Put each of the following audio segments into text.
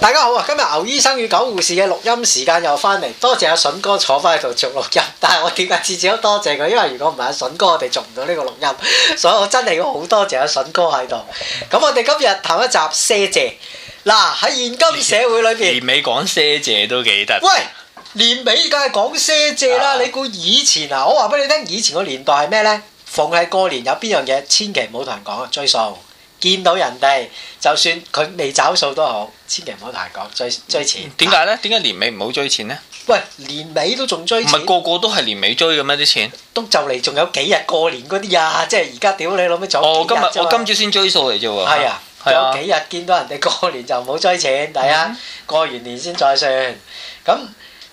大家好啊！今日牛醫生與狗護士嘅錄音時間又翻嚟，多謝阿筍哥坐翻喺度做錄音，但係我點解次次都多謝佢？因為如果唔係阿筍哥，我哋做唔到呢個錄音，所以我真係要好多謝阿筍哥喺度。咁我哋今日談一集賒借。嗱，喺現今社會裏邊，年尾講賒借都幾得。喂，年尾梗係講賒借啦。啊、你估以前啊？我話俾你聽，以前個年代係咩呢？逢係過年有邊樣嘢，千祈唔好同人講啊！追數。見到人哋，就算佢未找數都好，千祈唔好大講追追錢。點解咧？點解但年尾唔好追錢咧？喂，年尾都仲追唔係，個個都係年尾追嘅咩？啲錢都就嚟，仲有幾日過年嗰啲呀？即係而家屌你老味走幾我今日我今朝先追數嚟啫喎。係啊，仲有幾日，哦、以見到人哋過年就唔好追錢，第一、嗯、哼過完年先再算。咁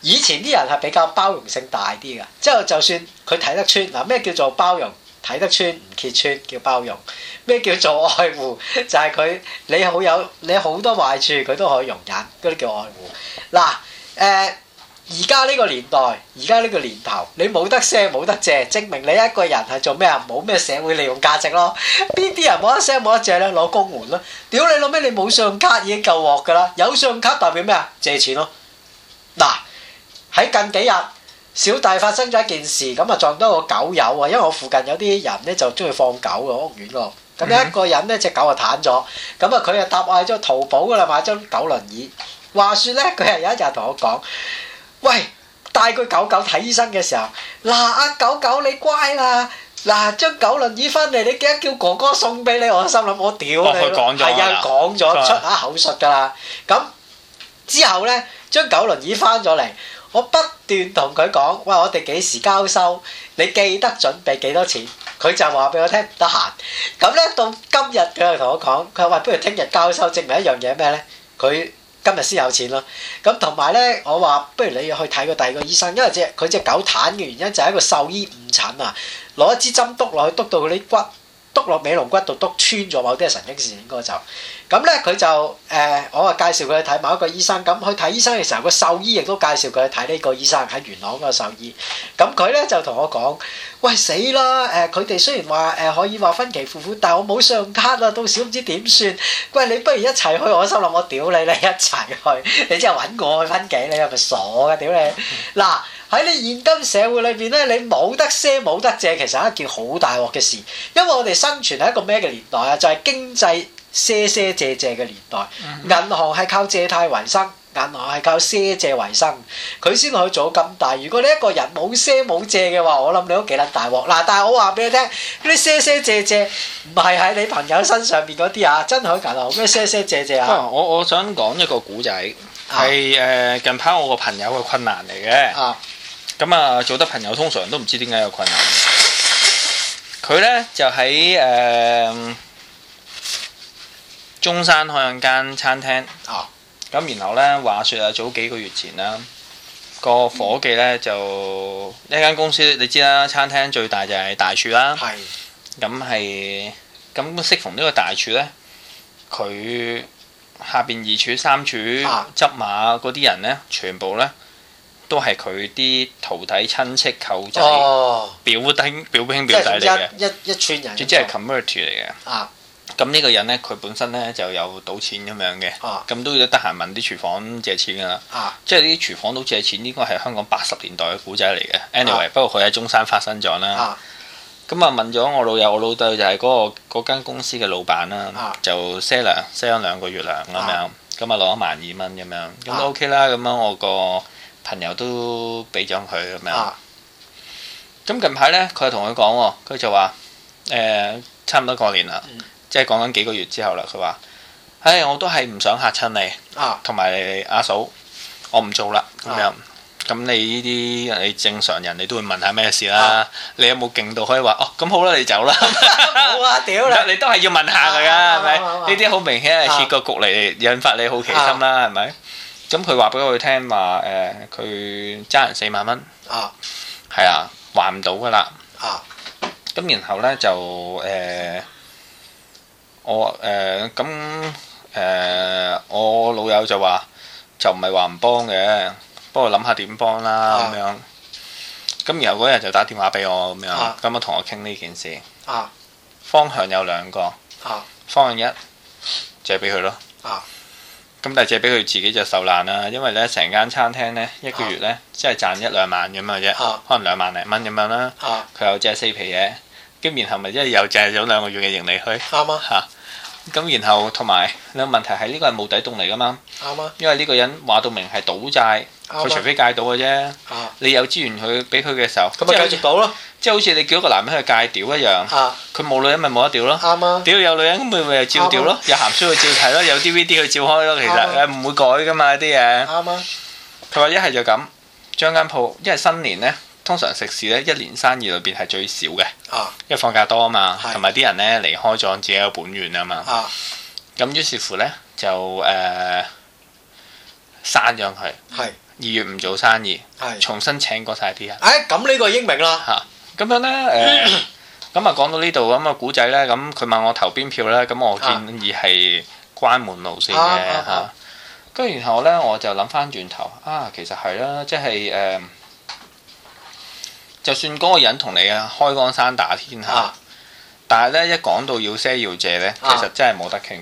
以前啲人係比較包容性大啲㗎，即係就算佢睇得出。嗱，咩叫做包容。睇得穿唔揭穿叫包容，咩叫做愛護？就係佢你好有你好多壞處，佢都可以容忍，嗰啲叫愛護。嗱，誒而家呢個年代，而家呢個年頭，你冇得賒冇得借，證明你一個人係做咩啊？冇咩社會利用價值咯。邊啲人冇得賒冇得借咧？攞工援咯。屌你老味，你冇信用卡已經夠鑊㗎啦，有信用卡代表咩啊？借錢咯。嗱，喺近幾日。小弟發生咗一件事，咁啊撞到個狗友啊，因為我附近有啲人咧就中意放狗嘅屋苑咯。咁一個人咧隻狗啊癱咗，咁啊佢啊搭埋咗淘寶噶啦買張狗輪椅。話説咧佢係有一日同我講，喂，帶佢狗狗睇醫生嘅時候，嗱阿狗狗你乖啦，嗱將狗輪椅翻嚟，你記得叫哥哥送俾你。我心諗我屌你，係啊講咗出啊口述噶啦。咁之後咧將狗輪椅翻咗嚟。我不斷同佢講，喂，我哋幾時交收？你記得準備幾多錢？佢就話俾我聽，唔得閒。咁咧到今日佢又同我講，佢話不如聽日交收，證明一樣嘢咩咧？佢今日先有錢咯。咁同埋咧，我話不如你要去睇個第二個醫生，因為隻佢隻狗癱嘅原因就係一個獸醫誤診啊，攞一支針篤落去篤到佢啲骨。篤落尾龍骨度督穿咗，某啲神經線應該就咁咧。佢就誒，我話介紹佢去睇某一個醫生。咁去睇醫生嘅時候，個獸醫亦都介紹佢去睇呢個醫生，喺元朗個獸醫。咁佢咧就同我講，喂，死啦！誒、呃，佢哋雖然話誒、呃、可以話分期付款，但係我冇信用卡啊，到時唔知點算。喂，你不如一齊去。我心諗，我屌你，你一齊去， 你之後揾我去分期，你係咪傻嘅？屌你嗱。嗯喺你現今社會裏邊咧，你冇得賒，冇得借，其實係一件好大鑊嘅事。因為我哋生存係一個咩嘅年代啊？就係經濟賒賒借借嘅年代。銀行係靠借貸為生，銀行係靠賒借為生，佢先可以做咁大。如果你一個人冇賒冇借嘅話，我諗你都幾得大鑊嗱。但係我話俾你聽，呢啲賒賒借借唔係喺你朋友身上邊嗰啲啊，真係銀行咩「賒賒借借啊！我我想講一個古仔，係誒近排我個朋友嘅困難嚟嘅啊。咁啊，做得朋友通常都唔知點解有困難。佢呢就喺誒、呃、中山開緊間餐廳。咁、哦、然後呢，話説啊，早幾個月前啦，個伙計呢就一間、嗯、公司，你知啦，餐廳最大就係大廚啦。咁係咁，適逢呢個大廚呢，佢下邊二廚、三廚執馬嗰啲人呢，全部呢。都係佢啲徒弟、親戚、舅仔、表弟、表兄、表弟嚟嘅一一串人，即係 convert 嚟嘅啊。咁呢個人呢，佢本身呢就有賭錢咁樣嘅，咁都要得閒問啲廚房借錢㗎啦，即係啲廚房都借錢，應該係香港八十年代嘅古仔嚟嘅。anyway，不過佢喺中山發生咗啦。咁啊，問咗我老友，我老豆就係嗰個間公司嘅老闆啦，就賒糧賒咗兩個月糧咁樣，咁啊攞咗萬二蚊咁樣，咁都 OK 啦。咁樣我個。朋友都俾咗佢咁樣，咁近排咧，佢又同佢講喎，佢就話誒，差唔多過年啦，即係講緊幾個月之後啦。佢話：唉，我都係唔想嚇親你，同埋你阿嫂，我唔做啦。咁樣，咁你呢啲你正常人你都會問下咩事啦？你有冇勁到可以話哦？咁好啦，你走啦。好啊，屌你都係要問下佢噶，係咪？呢啲好明顯係設個局嚟引發你好奇心啦，係咪？咁佢話俾我聽話，誒佢爭人四萬蚊，啊，係啊，還唔到噶啦，啊，咁然後咧就誒、呃，我誒咁誒，我老友就話就唔係話唔幫嘅，幫我諗下點幫啦咁樣。咁然後嗰日就打電話俾我咁樣，咁啊同我傾呢件事。啊，方向有兩個。啊，方向一借俾佢咯。啊。啊咁但係借俾佢自己就受難啦，因為咧成間餐廳咧一個月咧即係賺一兩萬咁樣啫，啊、可能兩萬零蚊咁樣啦。佢、啊、有借四皮嘢，咁然後咪即係又借咗兩個月嘅盈利去。啱啊嚇。啊咁然後同埋，你個問題係呢個係冇底洞嚟噶嘛？啱啊！因為呢個人話到明係賭債，佢除非戒到嘅啫。啊！你有資源去俾佢嘅時候，咁咪繼續賭咯。即係好似你叫一個男人去戒屌一樣。啊！佢冇女人咪冇得屌咯。啱啊！屌有女人咁咪咪又照屌咯，有鹹水去照睇咯，有 DVD 去照開咯。其實唔會改噶嘛啲嘢。啱啊！佢話一係就咁將間鋪，因為新年咧。通常食肆咧一年生意裏邊係最少嘅，因為放假多啊嘛，同埋啲人咧離開咗自己嘅本源啊嘛。咁是的 於是乎咧就誒刪咗佢，呃、是的 二月唔做生意，是的 重新請過晒啲人。誒咁呢個英明啦嚇！咁樣咧，咁啊、 嗯、講到、嗯、呢度咁啊古仔咧，咁佢問我投邊票咧，咁我建議係關門路線嘅嚇。跟住、啊啊啊、然後咧我就諗翻轉頭啊，其實係啦、啊，即係誒。就算嗰個人同你啊開江山打天下，啊、但係咧一講到要賒要借咧，其實真係冇得傾，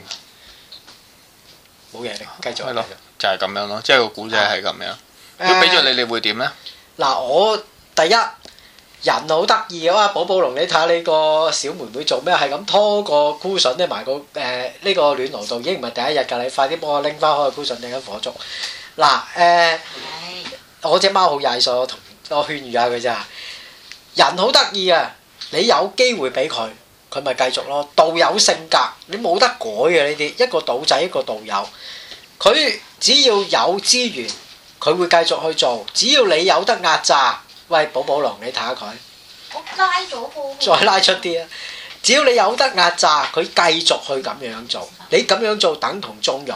冇嘢、啊。繼續係咯了續，就係、是、咁樣咯，即係個古仔係咁樣。佢俾咗你，你會點咧？嗱、啊，我第一人好得意啊。哇，寶寶龍，你睇下你個小妹妹做咩，係咁拖個箍臣匿埋個誒呢、呃這個暖爐度，已經唔係第一日㗎，你快啲幫我拎翻開箍臣整緊火燭。嗱誒、啊啊哎，我，我隻貓好曳索，我同我勸喻下佢咋。人好得意啊！你有機會俾佢，佢咪繼續咯。道友性格，你冇得改嘅呢啲。一個賭仔，一個道友，佢只要有資源，佢會繼續去做。只要你有得壓榨，喂，寶寶龍，你睇下佢。我拉咗個。再拉出啲啊！只要你有得壓榨，佢繼續去咁樣做。你咁樣做等同縱容。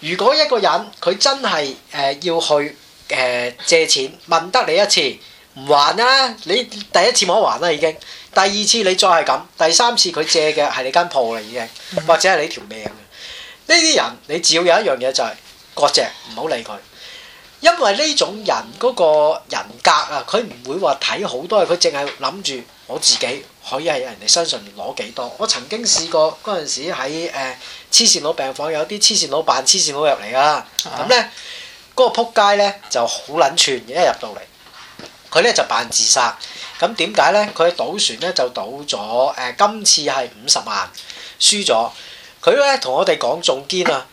如果一個人佢真係誒、呃、要去誒、呃、借錢，問得你一次。唔還啊！你第一次冇得還啦，已經。第二次你再係咁，第三次佢借嘅係你間鋪啦，已經，或者係你條命。呢啲人你只要有一樣嘢就係割席，唔好理佢。因為呢種人嗰、那個人格啊，佢唔會話睇好多，佢淨係諗住我自己可以喺人哋身上面攞幾多。我曾經試過嗰陣、那個、時喺誒黐線佬病房有啲黐線佬扮黐線佬入嚟啊，咁呢，嗰、那個撲街呢就好撚串嘅，一入到嚟。佢咧就扮自殺，咁點解咧？佢喺賭船咧就賭咗，誒今次係五十萬輸咗。佢咧同我哋講仲堅啊，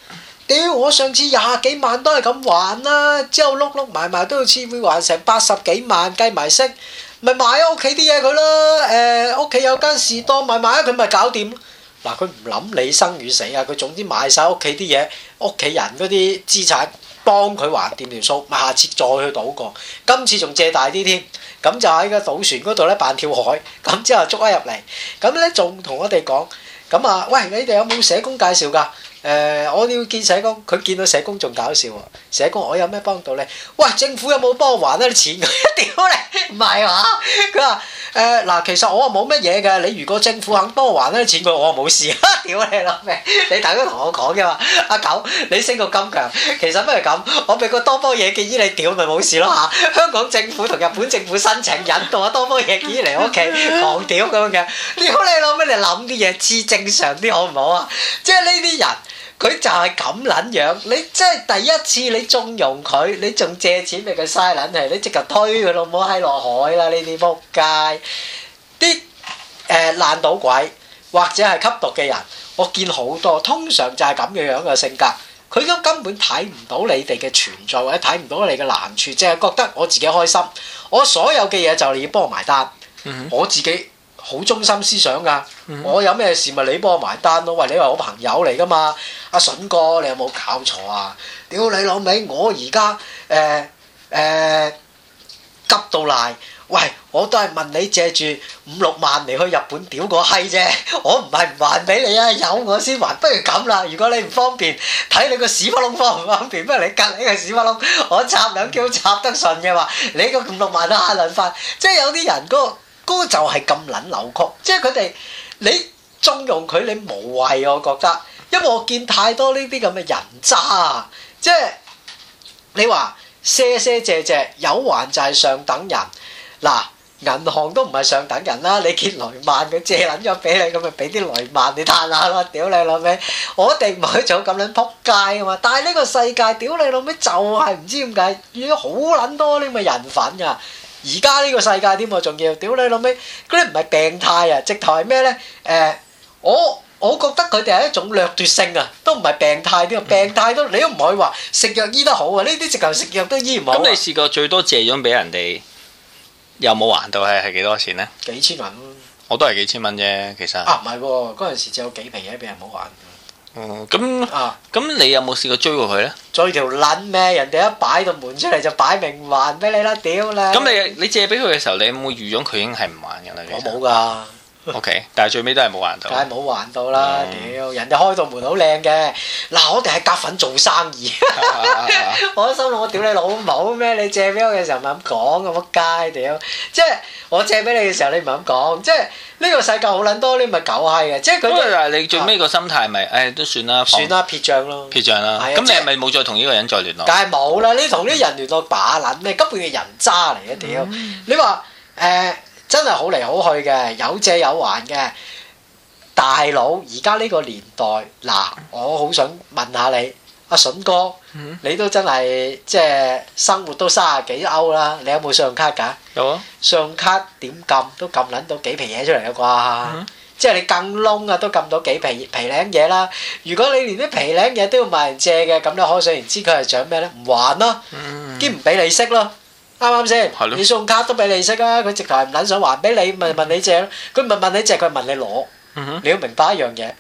屌我上次廿幾萬都係咁還啦，之後碌碌埋埋都要次會還成八十幾萬，計埋息咪買啊屋企啲嘢佢咯，誒屋企有間士多買埋啊佢咪搞掂。嗱佢唔諗你生與死啊，佢總之買晒屋企啲嘢，屋企人嗰啲資產。幫佢還掂條數，下次再去賭過。今次仲借大啲添，咁就喺個賭船嗰度呢扮跳海，咁之後捉咗入嚟，咁呢仲同我哋講，咁啊，喂，你哋有冇社工介紹㗎？誒，我要見社工，佢見到社工仲搞笑喎。社工，我有咩幫到你？喂，政府有冇幫我還啲錢？佢屌你，唔係啊？佢話誒嗱，其實我啊冇乜嘢嘅。你如果政府肯幫我還啲錢，我話冇事。屌你老味，你頭先同我講嘅話，阿狗，你升個金強，其實不如咁？我俾個多方嘢建議你，屌咪冇事咯嚇。香港政府同日本政府申請引渡多方嘢建議嚟我屋企狂屌咁樣嘅，屌你老味，你諗啲嘢至正常啲好唔好啊？即係呢啲人。佢就係咁撚樣，你即係第一次你縱容佢，你仲借錢俾佢嘥撚氣，你即刻推佢老母閪落海啦！呢啲撲街，啲誒爛賭鬼或者係吸毒嘅人，我見好多，通常就係咁嘅樣嘅性格。佢都根本睇唔到你哋嘅存在，或者睇唔到你嘅難處，淨係覺得我自己開心，我所有嘅嘢就要幫我埋單，我自己。好中心思想噶，嗯、我有咩事咪你幫我埋單咯？喂，你話我朋友嚟噶嘛？阿、啊、筍哥，你有冇搞錯啊？屌你老味，我而家誒誒急到賴，喂！我都係問你借住五六萬嚟去日本屌個閪啫，我唔係唔還俾你啊！有我先還，不如咁啦！如果你唔方便，睇你個屎忽窿方唔方便，不如你隔離個屎忽窿，我插兩腳插得順嘅話，你個五六萬都慳兩塊，即係有啲人個。都就係咁撚扭曲，即係佢哋你縱容佢，你無謂我覺得，因為我見太多呢啲咁嘅人渣啊！即係你話借借借借有還就係上等人，嗱銀行都唔係上等人啦，你見雷曼佢借撚咗俾你，咁咪俾啲雷曼你攤下咯，屌你老味！我哋唔可以做咁撚仆街噶嘛，但係呢個世界屌你老味就係唔知點解已經好撚多呢啲咁嘅人粉噶。而家呢個世界添啊，仲要，屌你老味，嗰啲唔係病態啊，直頭係咩咧？誒、呃，我我覺得佢哋係一種掠奪性啊，都唔係病態啲，病態都你都唔可以話食藥醫得好啊，呢啲直頭食藥都醫唔好。咁你試過最多借咗俾人哋，有冇還到係係幾多錢咧？幾千蚊，我都係幾千蚊啫，其實。啊，唔係喎，嗰陣時只有幾皮嘢、啊、俾人冇還。哦，咁啊，咁你有冇試過追過佢咧？追條撚咩？人哋一擺個門出嚟就擺明還俾你啦，屌你！咁你你借俾佢嘅時候，你有冇預咗佢已經係唔還噶啦？我冇噶。啊 O K，但係最尾都係冇還到，梗係冇還到啦！屌，人哋開到門好靚嘅，嗱，我哋係夾份做生意，我心諗我屌你老母咩？你借俾我嘅時候唔係咁講嘅，乜街屌！即係我借俾你嘅時候，你唔係咁講，即係呢個世界好撚多，啲咪狗閪嘅，即係佢。咁係你最尾個心態，咪唉都算啦，算啦撇賬咯，撇賬啦。咁你係咪冇再同呢個人再聯絡？梗係冇啦！你同啲人聯絡把撚咩？根本係人渣嚟嘅屌！你話誒？真係好嚟好去嘅，有借有還嘅大佬。而家呢個年代，嗱，我好想問下你，阿筍哥，你都真係即係生活都三十幾歐啦，你有冇信用卡㗎？有啊。信用卡點撳都撳撚到幾皮嘢出嚟嘅啩，即係你更窿啊，都撳到幾皮皮領嘢啦。如果你連啲皮領嘢都要問人借嘅，咁你可想而知佢係做咩咧？唔還咯，兼唔俾利息咯。啱唔啱先？你信用卡都畀利息啊！佢直頭係唔撚想還畀你，問問你借咯。佢唔問你借，佢問你攞。你要明白一樣嘢。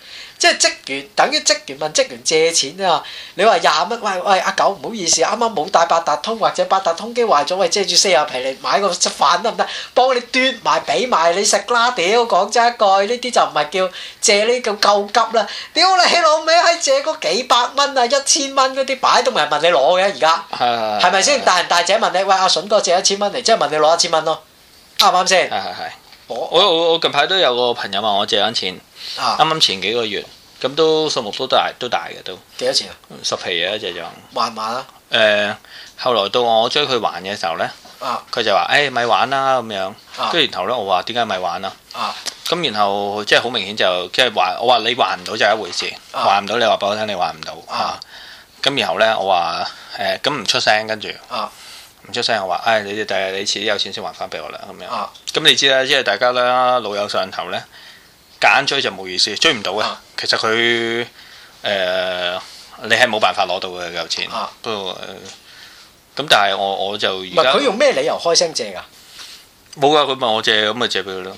即係職員，等於職員問職員借錢啊！你話廿蚊，喂喂，阿狗唔好意思，啱啱冇帶八達通或者八達通機壞咗，喂借住四廿皮嚟買個飯得唔得？幫你端埋俾埋你食啦！屌講真一句，呢啲就唔係叫借呢叫救急啦！屌你老味，係借嗰幾百蚊啊、一千蚊嗰啲擺都唔係問你攞嘅而家，係咪先？大人大姐問你，喂阿順哥借一千蚊嚟，即係問你攞一千蚊咯，啱唔啱先？係係係。我我我近排都有個朋友問我借緊錢，啱啱前幾個月，咁都數目都大都大嘅，都，幾多錢啊？十皮嘢，借咗，還唔還啊？誒、呃，後來到我追佢還嘅時候咧，佢、啊、就話誒咪還啦咁樣，跟住、啊、然後咧我話，點解咪還啊？咁然後即係好明顯就即係還，我話你還唔到就係一回事，還唔到你話俾我聽你還唔到，咁、啊啊、然後咧我話誒咁唔出聲跟住。唔出聲又話，唉、哎！你哋第日你遲啲有錢先還翻俾我啦咁樣。咁、啊、你知啦，因為大家咧老友上頭咧，揀追就冇意思，追唔到嘅。啊、其實佢誒、呃，你係冇辦法攞到嘅有錢。啊、不過咁、呃，但係我我就而家唔係佢用咩理由開聲借噶？冇噶，佢問我借，咁咪借俾佢咯。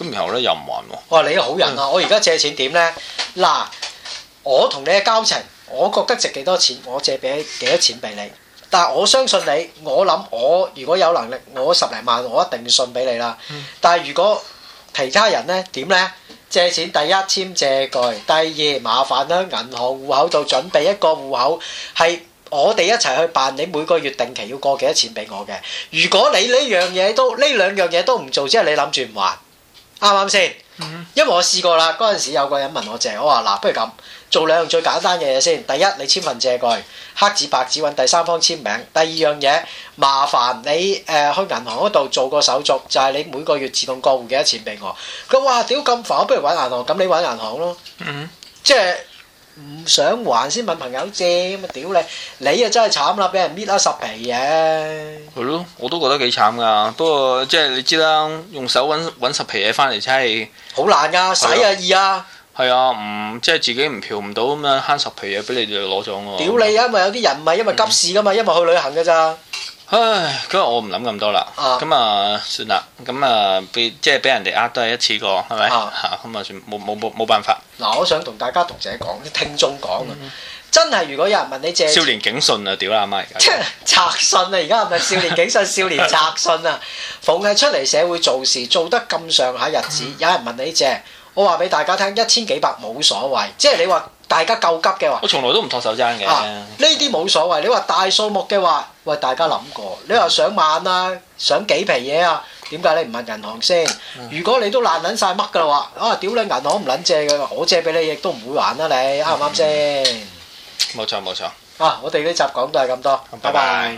咁然後咧又唔還喎？我話你係好人啊！我而家借錢點咧？嗱，我同你嘅交情，我覺得值幾多錢，我借俾幾多錢俾你。但係我相信你，我諗我如果有能力，我十零萬我一定要信俾你啦。但係如果其他人咧點咧？借錢第一簽借據，第二麻煩啦，銀行戶口就準備一個戶口，係我哋一齊去辦。你每個月定期要過幾多錢俾我嘅？如果你呢樣嘢都呢兩樣嘢都唔做，即係你諗住唔還。啱啱先，mm hmm. 因為我試過啦，嗰陣時有個人問我借，我話嗱，不如咁做兩樣最簡單嘅嘢先。第一，你簽份借據，黑紙白紙揾第三方簽名。第二樣嘢，麻煩你誒、呃、去銀行嗰度做個手續，就係、是、你每個月自動過戶幾多錢俾我。佢話：屌咁煩，我不如揾銀行，咁你揾銀行咯。Mm hmm. 即係。唔想還先問朋友借，咁啊屌你！你啊真係慘啦，俾人搣啊十皮嘢、啊。係咯，我都覺得幾慘㗎。不過即係你知啦，用手揾十皮嘢翻嚟真係好難㗎，使啊易啊。係啊，唔了、嗯、即係自己唔嫖唔到咁樣慳十皮嘢俾你哋攞咗。屌你、啊、因為有啲人唔係因為急事㗎嘛，嗯、因為去旅行㗎咋。唉，今日我唔諗咁多啦。咁啊，嗯、算啦。咁、嗯、啊，即被即係俾人哋呃都係一次過，係咪？咁啊，算冇冇冇冇辦法。嗱、啊，我想同大家讀者講，聽眾講啊，嗯、真係如果有人問你借，少年警訊啊，屌啦，阿媽！拆信啊，而家係咪少年警訊？少年拆信啊！逢係出嚟社會做事，做得咁上下日子，嗯、有人問你借，我話俾大家聽，一千幾百冇所謂。即係你話大家夠急嘅話，我從來都唔托手踭嘅。呢啲冇所謂。你話大數目嘅話。喂，大家諗過，你話上萬啊，上幾皮嘢啊？點解你唔問銀行先？嗯、如果你都爛撚晒乜嘅話，啊，屌你銀行唔撚借嘅，我借俾你亦都唔會還啦，啊，你啱唔啱先？冇錯冇錯啊！我哋呢集講都係咁多，拜拜。